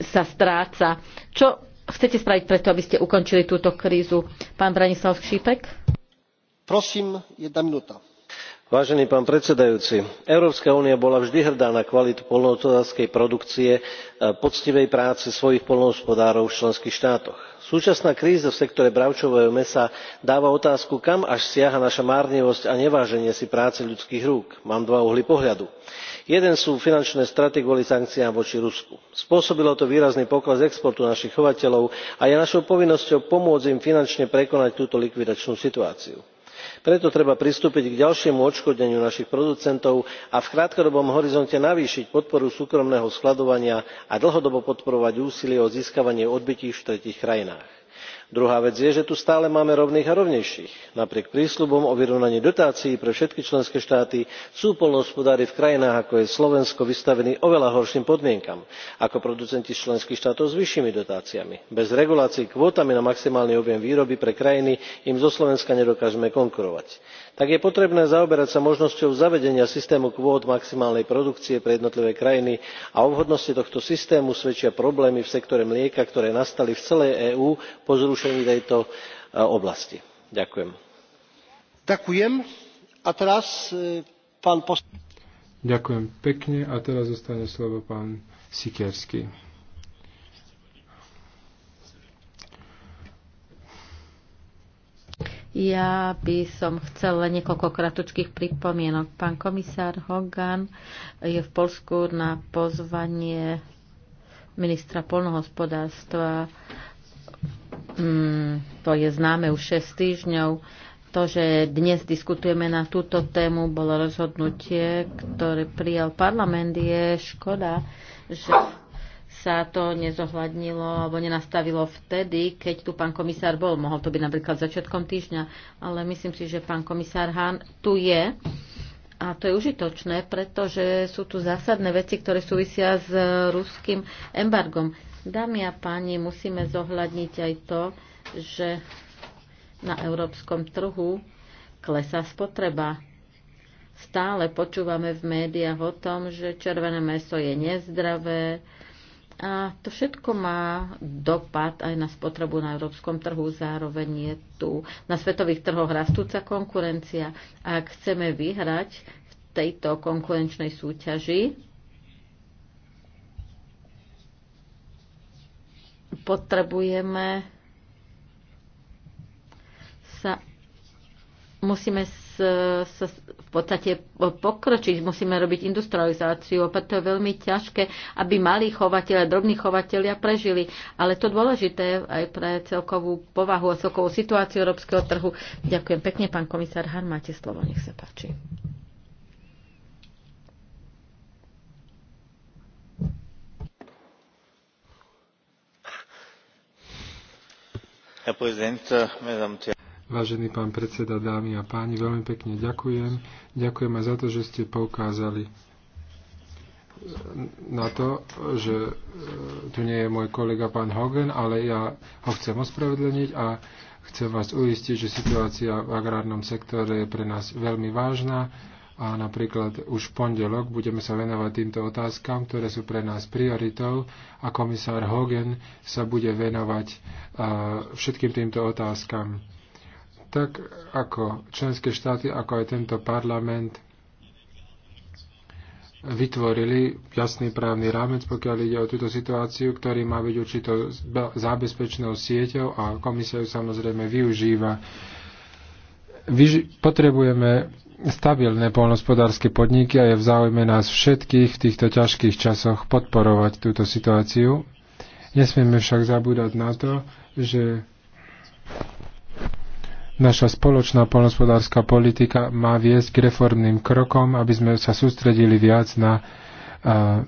sa stráca. Čo chcete spraviť preto, aby ste ukončili túto krízu? Pán Branislav Šípek? Prosím, jedna minúta vážený pán predsedajúci európska únia bola vždy hrdá na kvalitu poľnohospodárskej produkcie poctivej práce svojich poľnohospodárov v členských štátoch. súčasná kríza v sektore bravčového mäsa dáva otázku kam až siaha naša márnivosť a neváženie si práce ľudských rúk. mám dva uhly pohľadu. jeden sú finančné straty kvôli sankciám voči rusku. spôsobilo to výrazný pokles exportu našich chovateľov a je našou povinnosťou pomôcť im finančne prekonať túto likvidačnú situáciu preto treba pristúpiť k ďalšiemu odškodneniu našich producentov a v krátkodobom horizonte navýšiť podporu súkromného skladovania a dlhodobo podporovať úsilie o získavanie odbytí v tretích krajinách druhá vec je že tu stále máme rovných a rovnejších. napriek prísľubom o vyrovnaní dotácií pre všetky členské štáty sú poľnohospodári v krajinách ako je slovensko vystavení oveľa horším podmienkam ako producenti z členských štátov s vyššími dotáciami. bez regulácií kvótami na maximálny objem výroby pre krajiny im zo slovenska nedokážeme konkurovať. tak je potrebné zaoberať sa možnosťou zavedenia systému kvót maximálnej produkcie pre jednotlivé krajiny a o vhodnosti tohto systému svedčia problémy v sektore mlieka ktoré nastali v celej eú po zrušení tejto e, oblasti. ďakujem. E, ďakujem pekne a teraz zostane slovo pán Ja by som chcel niekoľko kratučkých pripomienok. Pán komisár Hogan je v Polsku na pozvanie ministra polnohospodárstva Mm, to je známe už 6 týždňov. To, že dnes diskutujeme na túto tému, bolo rozhodnutie, ktoré prijal parlament. Je škoda, že sa to nezohľadnilo alebo nenastavilo vtedy, keď tu pán komisár bol. Mohol to byť napríklad začiatkom týždňa, ale myslím si, že pán komisár Hahn tu je. A to je užitočné, pretože sú tu zásadné veci, ktoré súvisia s ruským embargom. Dámy a páni, musíme zohľadniť aj to, že na európskom trhu klesá spotreba. Stále počúvame v médiách o tom, že červené meso je nezdravé a to všetko má dopad aj na spotrebu na európskom trhu. Zároveň je tu na svetových trhoch rastúca konkurencia. A ak chceme vyhrať v tejto konkurenčnej súťaži, potrebujeme sa musíme sa, v podstate pokročiť, musíme robiť industrializáciu, preto je veľmi ťažké, aby malí chovateľe, drobní chovateľia prežili. Ale to dôležité aj pre celkovú povahu a celkovú situáciu európskeho trhu. Ďakujem pekne, pán komisár Han, máte slovo, nech sa páči. Vážený pán predseda, dámy a páni, veľmi pekne ďakujem. Ďakujem aj za to, že ste poukázali na to, že e, tu nie je môj kolega pán Hogan, ale ja ho chcem ospravedlniť a chcem vás uistiť, že situácia v agrárnom sektore je pre nás veľmi vážna a napríklad už v pondelok budeme sa venovať týmto otázkam, ktoré sú pre nás prioritou a komisár Hogan sa bude venovať e, všetkým týmto otázkam. Tak ako členské štáty, ako aj tento parlament vytvorili jasný právny rámec, pokiaľ ide o túto situáciu, ktorý má byť určitou zábezpečnou sieťou a komisia ju samozrejme využíva. Vyži- potrebujeme stabilné poľnospodárske podniky a je v záujme nás všetkých v týchto ťažkých časoch podporovať túto situáciu. Nesmieme však zabúdať na to, že Naša spoločná poľnospodárska politika má viesť k reformným krokom, aby sme sa sústredili viac na uh,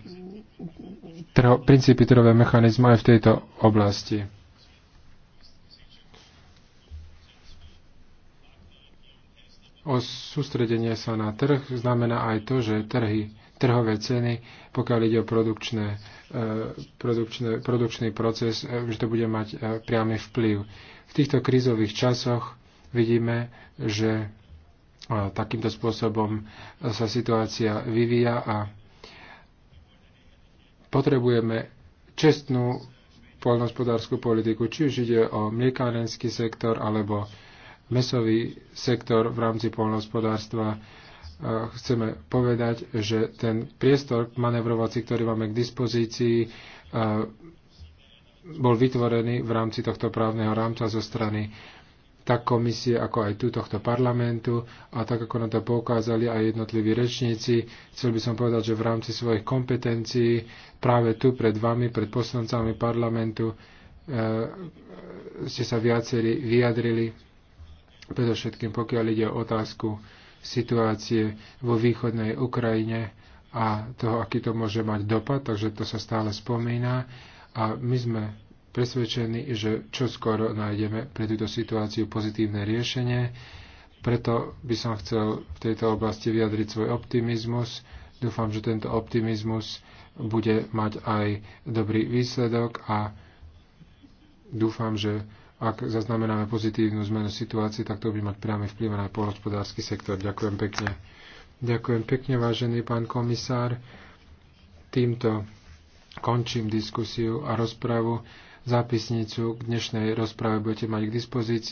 trho, princípy trhového mechanizmu aj v tejto oblasti. o sústredenie sa na trh znamená aj to, že trhy, trhové ceny, pokiaľ ide o produkčné, e, produkčné, produkčný proces, e, že to bude mať e, priamy vplyv. V týchto krízových časoch vidíme, že takýmto spôsobom sa situácia vyvíja a potrebujeme čestnú poľnohospodárskú politiku, či už ide o mliekárenský sektor alebo mesový sektor v rámci polnohospodárstva e, chceme povedať, že ten priestor manevrovací, ktorý máme k dispozícii, e, bol vytvorený v rámci tohto právneho rámca zo strany tak komisie, ako aj tu tohto parlamentu a tak, ako na to poukázali aj jednotliví rečníci. Chcel by som povedať, že v rámci svojich kompetencií práve tu pred vami, pred poslancami parlamentu e, ste sa viacerí vyjadrili predovšetkým pokiaľ ide o otázku situácie vo východnej Ukrajine a toho, aký to môže mať dopad, takže to sa stále spomína a my sme presvedčení, že čo skoro nájdeme pre túto situáciu pozitívne riešenie. Preto by som chcel v tejto oblasti vyjadriť svoj optimizmus. Dúfam, že tento optimizmus bude mať aj dobrý výsledok a dúfam, že ak zaznamenáme pozitívnu zmenu situácie, tak to by mať priamy vplyv na polhospodársky sektor. Ďakujem pekne. Ďakujem pekne, vážený pán komisár. Týmto končím diskusiu a rozpravu. Zápisnicu k dnešnej rozprave budete mať k dispozícii.